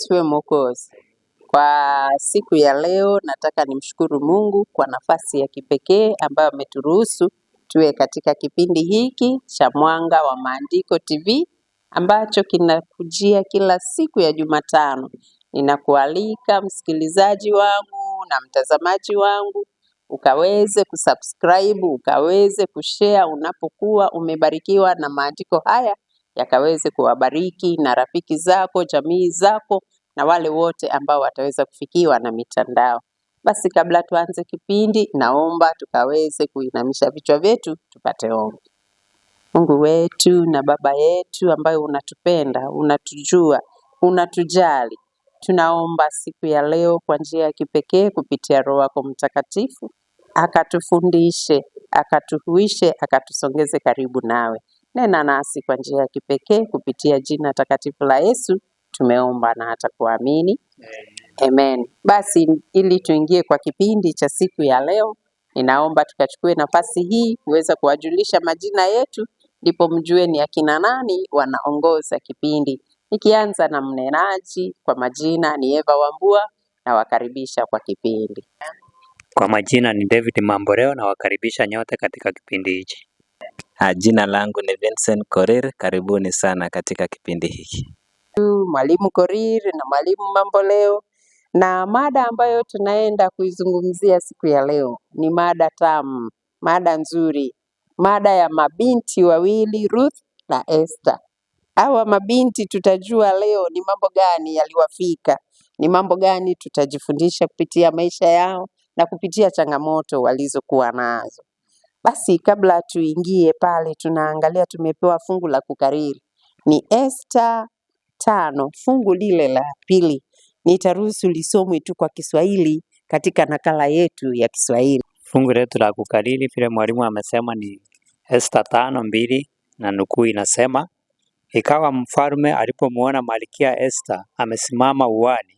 asifiwe Mwokozi. Kwa siku ya leo nataka nimshukuru Mungu kwa nafasi ya kipekee ambayo ameturuhusu tuwe katika kipindi hiki cha Mwanga wa Maandiko TV ambacho kinakujia kila siku ya Jumatano. Ninakualika msikilizaji wangu na mtazamaji wangu ukaweze kusubscribe, ukaweze kushare unapokuwa umebarikiwa na maandiko haya yakaweze kuwabariki na rafiki zako, jamii zako na wale wote ambao wataweza kufikiwa na mitandao. Basi kabla tuanze kipindi, naomba tukaweze kuinamisha vichwa vyetu tupate ombi. Mungu wetu na Baba yetu ambaye unatupenda, unatujua, unatujali, tunaomba siku ya leo kwa njia ya kipekee kupitia Roho yako Mtakatifu akatufundishe, akatuhuishe, akatusongeze karibu nawe. Nena nasi kwa njia ya kipekee kupitia jina takatifu la Yesu tumeomba na hata kuamini. Amen. Amen. Basi ili tuingie kwa kipindi cha siku ya leo, ninaomba tukachukue nafasi hii kuweza kuwajulisha majina yetu, ndipo mjue ni akina nani wanaongoza kipindi, nikianza na mnenaji kwa majina ni Eva Wambua na wakaribisha kwa kipindi. Kwa majina ni David Mamboreo na wakaribisha nyote katika kipindi hichi. Ah, jina langu ni Vincent Korir, karibuni sana katika kipindi hiki. Mwalimu Korir na Mwalimu Mamboleo, na mada ambayo tunaenda kuizungumzia siku ya leo ni mada tamu, mada nzuri, mada ya mabinti wawili Ruth na Esther. Hawa mabinti tutajua leo ni mambo gani yaliwafika, ni mambo gani tutajifundisha kupitia maisha yao na kupitia changamoto walizokuwa nazo. Basi kabla tuingie pale, tunaangalia tumepewa fungu la kukariri ni Esther tano fungu lile la pili nitaruhusu lisomwe tu kwa Kiswahili katika nakala yetu ya Kiswahili. Fungu letu la kukariri vile mwalimu amesema ni Esta tano mbili na nukuu inasema, ikawa mfalme alipomwona malkia Esta amesimama uwani,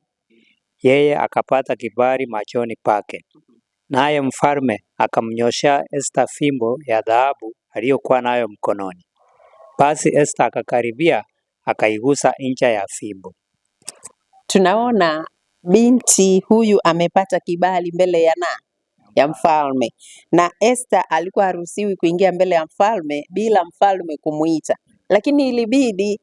yeye akapata kibali machoni pake, naye mfalme akamnyoshea Esta fimbo ya dhahabu aliyokuwa nayo mkononi. Basi Esta akakaribia akaigusa ncha ya fimbo. Tunaona binti huyu amepata kibali mbele ya na ya mfalme, na Esther alikuwa haruhusiwi kuingia mbele ya mfalme bila mfalme kumuita, lakini ilibidi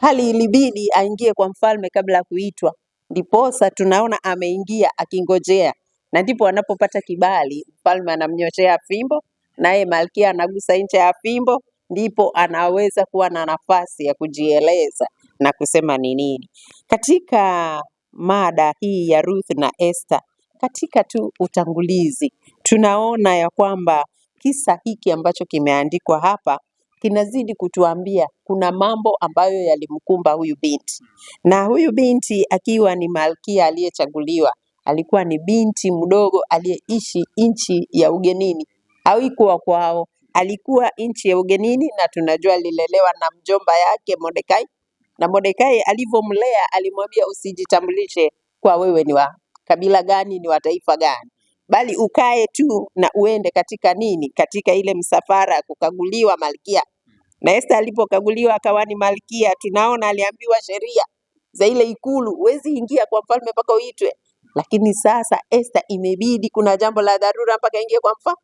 hali ilibidi aingie kwa mfalme kabla ya kuitwa, ndiposa tunaona ameingia akingojea, na ndipo anapopata kibali. Mfalme anamnyoshea fimbo, naye malkia anagusa ncha ya fimbo, ndipo anaweza kuwa na nafasi ya kujieleza na kusema ni nini katika mada hii ya Ruth na Esther. Katika tu utangulizi, tunaona ya kwamba kisa hiki ambacho kimeandikwa hapa kinazidi kutuambia kuna mambo ambayo yalimkumba huyu binti, na huyu binti akiwa ni malkia aliyechaguliwa, alikuwa ni binti mdogo aliyeishi nchi ya ugenini, hawikuwa kwao, alikuwa nchi ya ugenini na tunajua alilelewa na mjomba yake Mordekai, na Mordekai alivyomlea alimwambia usijitambulishe kwa wewe ni wa kabila gani, ni wa taifa gani, bali ukae tu na uende katika nini, katika ile msafara kukaguliwa malkia. Na Esta alipokaguliwa akawa ni malkia, tunaona aliambiwa sheria za ile ikulu, huwezi ingia kwa mfalme mpaka uitwe. Lakini sasa Esta imebidi, kuna jambo la dharura mpaka ingie kwa mfalme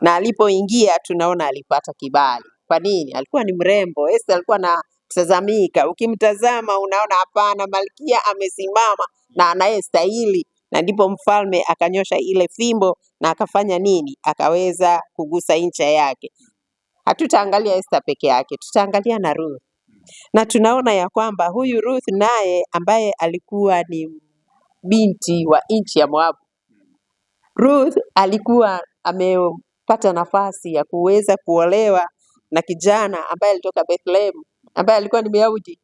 na alipoingia tunaona alipata kibali. Kwa nini? Alikuwa ni mrembo. Esther alikuwa na tazamika, ukimtazama unaona hapana, malkia amesimama na anayestahili. Na ndipo mfalme akanyosha ile fimbo na akafanya nini? Akaweza kugusa ncha yake. Hatutaangalia Esther peke yake, tutaangalia na Ruth, na tunaona ya kwamba huyu Ruth naye ambaye alikuwa ni binti wa nchi ya Moabu, Ruth alikuwa ame kupata nafasi ya kuweza kuolewa na kijana ambaye alitoka Bethlehem, ambaye alikuwa ni Myahudi,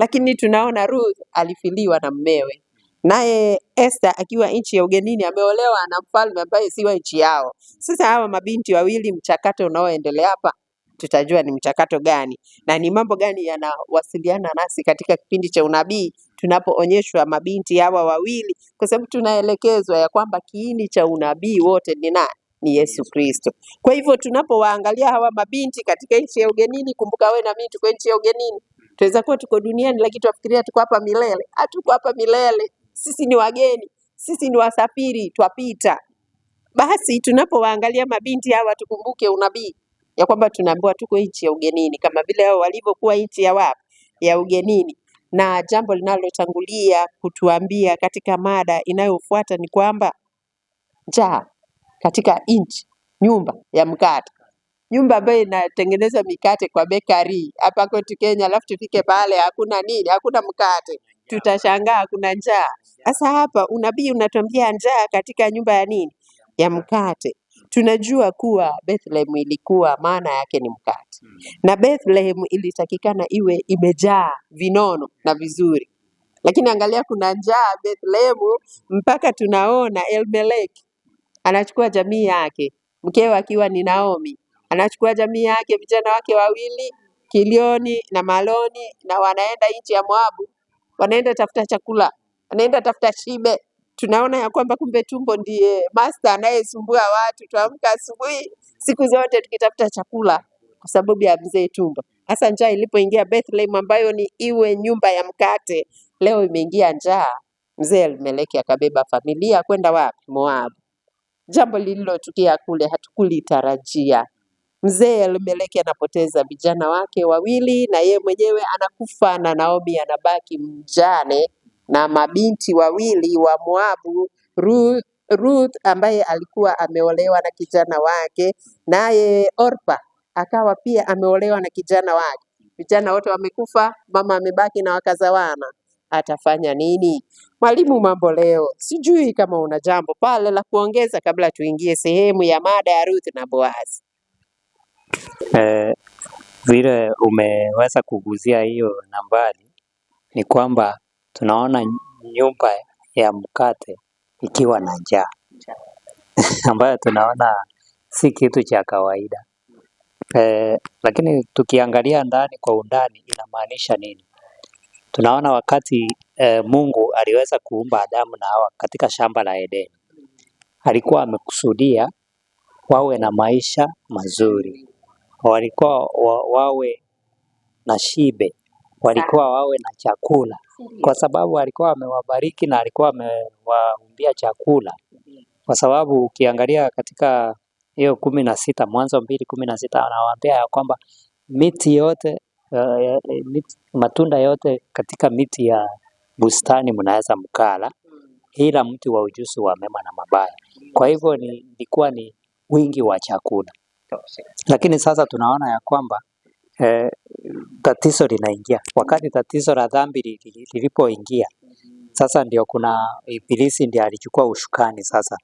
lakini tunaona Ruth alifiliwa na mmewe naye Esther akiwa nchi ya ugenini ameolewa na mfalme ambaye si wa nchi yao. Sasa hawa mabinti wawili, mchakato unaoendelea hapa tutajua ni mchakato gani na ni mambo gani yanawasiliana nasi katika kipindi cha unabii, tunapoonyeshwa mabinti hawa wawili, kwa sababu tunaelekezwa ya kwamba kiini cha unabii wote ni nani? ni Yesu Kristo. Kwa hivyo tunapowaangalia hawa mabinti katika nchi ya ugenini, kumbuka wewe na mimi tuko nchi ya ugenini. Tunaweza kuwa tuko duniani lakini tuafikiria tuko hapa milele. Hatuko ah, hapa milele. Sisi ni wageni, sisi ni wasafiri, twapita. Basi tunapowaangalia mabinti hawa tukumbuke unabii ya kwamba tunaambiwa tuko nchi ya ugenini kama vile hao walivyokuwa nchi ya wapi? Ya ugenini. Na jambo linalotangulia kutuambia katika mada inayofuata ni kwamba njaa katika nchi, nyumba ya mkate, nyumba ambayo inatengeneza mikate kwa bakery hapa kwetu Kenya, alafu tufike pale hakuna nini, hakuna mkate, tutashangaa kuna njaa. Sasa hapa unabii unatuambia njaa katika nyumba ya nini, ya mkate. Tunajua kuwa Bethlehem ilikuwa maana yake ni mkate, na Bethlehem ilitakikana iwe imejaa vinono na vizuri, lakini angalia kuna njaa Bethlehem, mpaka tunaona Elimeleki anachukua jamii yake, mkewe akiwa ni Naomi, anachukua jamii yake, vijana wake wawili Kilioni na Maloni, na wanaenda nchi ya Moabu, wanaenda tafuta chakula, wanaenda tafuta shibe. Tunaona ya kwamba kumbe tumbo ndiye master anayesumbua watu. Tuamka asubuhi siku zote tukitafuta chakula kwa sababu ya mzee tumbo. Hasa njaa ilipoingia Bethlehem, ambayo ni iwe nyumba ya mkate, leo imeingia njaa. Mzee Elimeleki akabeba familia kwenda wapi? Moabu jambo lililotukia kule hatukulitarajia. Mzee Elimeleki anapoteza vijana wake wawili na yeye mwenyewe anakufa, na Naomi anabaki mjane na mabinti wawili wa Moabu, Ruth, Ruth ambaye alikuwa ameolewa na kijana wake, naye Orpa akawa pia ameolewa na kijana wake. Vijana wote wamekufa, mama amebaki na wakazawana atafanya nini? Mwalimu mambo leo, sijui kama una jambo pale la kuongeza kabla tuingie sehemu ya mada ya Ruth na Boaz. Eh, vile umeweza kuguzia hiyo nambari, ni kwamba tunaona nyumba ya mkate ikiwa na njaa ambayo tunaona si kitu cha kawaida eh, lakini tukiangalia ndani kwa undani inamaanisha nini? Tunaona wakati e, Mungu aliweza kuumba Adamu na Hawa katika shamba la Edeni, alikuwa amekusudia wawe na maisha mazuri, walikuwa wa, wawe na shibe, walikuwa wawe na chakula, kwa sababu alikuwa amewabariki na alikuwa amewaumbia chakula, kwa sababu ukiangalia katika hiyo kumi na sita Mwanzo mbili kumi na sita anawaambia ya kwamba miti yote Eh, eh, matunda yote katika miti ya bustani mnaweza mkala, ila mti wa ujuzi wa mema na mabaya. Kwa hivyo ni, ilikuwa ni wingi wa chakula, lakini sasa tunaona ya kwamba eh, tatizo linaingia. Wakati tatizo la dhambi lilipoingia, sasa ndio kuna Ibilisi ndio alichukua ushukani sasa,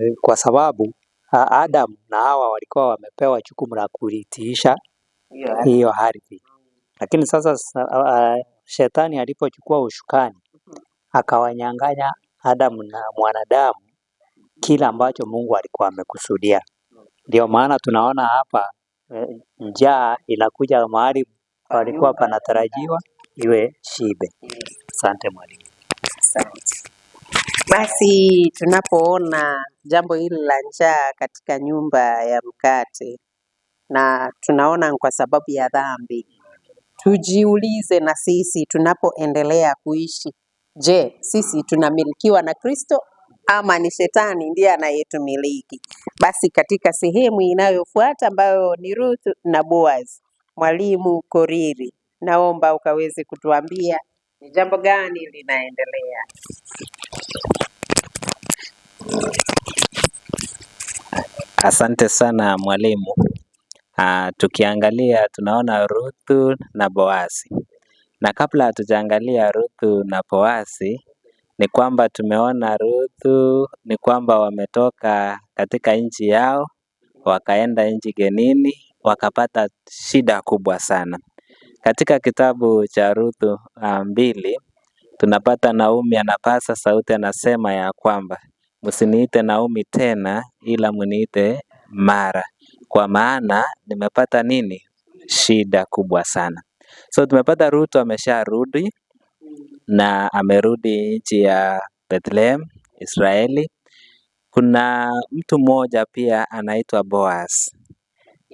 eh, kwa sababu Adamu na Hawa walikuwa wamepewa jukumu la kulitiisha hiyo ardhi. Lakini sasa uh, shetani alipochukua ushukani mm-hmm. akawanyang'anya Adamu na mwanadamu kila ambacho Mungu alikuwa amekusudia. Ndio maana tunaona hapa e, njaa inakuja mahali palikuwa panatarajiwa iwe shibe. Asante mwalimu. Basi tunapoona jambo hili la njaa katika nyumba ya mkate na tunaona kwa sababu ya dhambi. Tujiulize na sisi tunapoendelea kuishi, je, sisi tunamilikiwa na Kristo ama ni shetani ndiye anayetumiliki? Basi katika sehemu inayofuata ambayo ni Ruth na Boaz, mwalimu Koriri, naomba ukaweze kutuambia ni jambo gani linaendelea. Asante sana mwalimu. Ah, tukiangalia tunaona Ruthu na Boazi na kabla hatujaangalia Ruthu na Boazi ni kwamba tumeona Ruthu ni kwamba wametoka katika nchi yao wakaenda nchi genini wakapata shida kubwa sana. Katika kitabu cha Ruthu ah, mbili tunapata Naomi anapasa sauti anasema ya kwamba msiniite Naomi tena ila mniite Mara kwa maana nimepata nini? Shida kubwa sana. So tumepata Ruto amesharudi na amerudi nchi ya Bethlehem, Israeli. Kuna mtu mmoja pia anaitwa Boaz,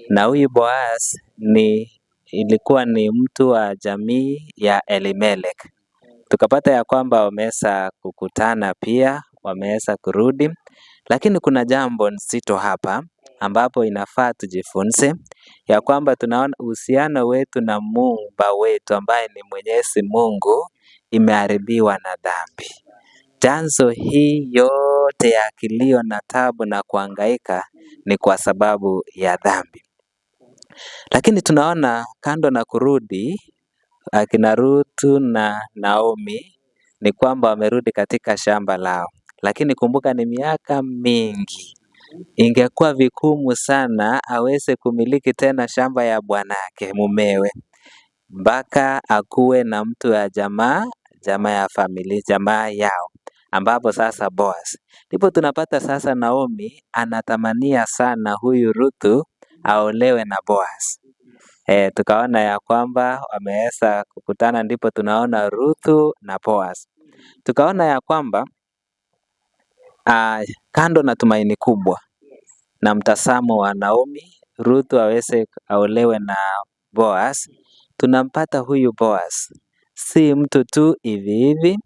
na huyu Boaz ni ilikuwa ni mtu wa jamii ya Elimelek. Tukapata ya kwamba wameweza kukutana pia, wameweza kurudi lakini kuna jambo nzito hapa ambapo inafaa tujifunze ya kwamba tunaona uhusiano wetu na muumba wetu ambaye ni mwenyezi Mungu imeharibiwa na dhambi. Chanzo hii yote ya kilio na tabu na kuangaika ni kwa sababu ya dhambi. Lakini tunaona kando na kurudi akina rutu na Naomi ni kwamba wamerudi katika shamba lao lakini kumbuka ni miaka mingi. Ingekuwa vigumu sana aweze kumiliki tena shamba ya bwanake mumewe, mpaka akuwe na mtu ya jamaa jamaa ya familia jamaa yao, ambapo sasa Boaz ndipo tunapata sasa. Naomi anatamania sana huyu Ruthu aolewe na Boaz. E, eh, tukaona ya kwamba wameweza kukutana, ndipo tunaona Ruthu na Boaz, tukaona ya kwamba Ah, kando na tumaini kubwa na mtazamo wa Naomi, Ruth aweze aolewe na Boaz, tunampata huyu Boaz si mtu tu hivi hivi,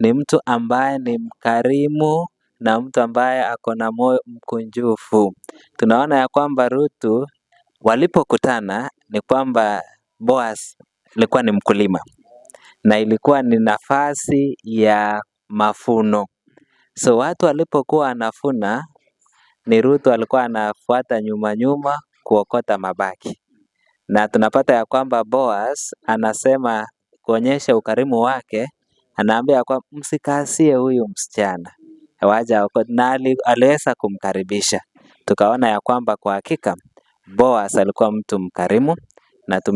ni mtu ambaye ni mkarimu na mtu ambaye ako na moyo mkunjufu. Tunaona ya kwamba Ruth walipokutana ni kwamba Boaz alikuwa ni mkulima na ilikuwa ni nafasi ya mafuno So watu alipokuwa wanavuna ni Ruth alikuwa anafuata nyuma nyuma kuokota mabaki. Na tunapata ya kwamba Boaz anasema kuonyesha ukarimu wake, anaambia kwa msikasie huyu msichana waja na aliweza kumkaribisha. Tukaona ya kwamba kwa hakika Boaz alikuwa mtu mkarimu na tum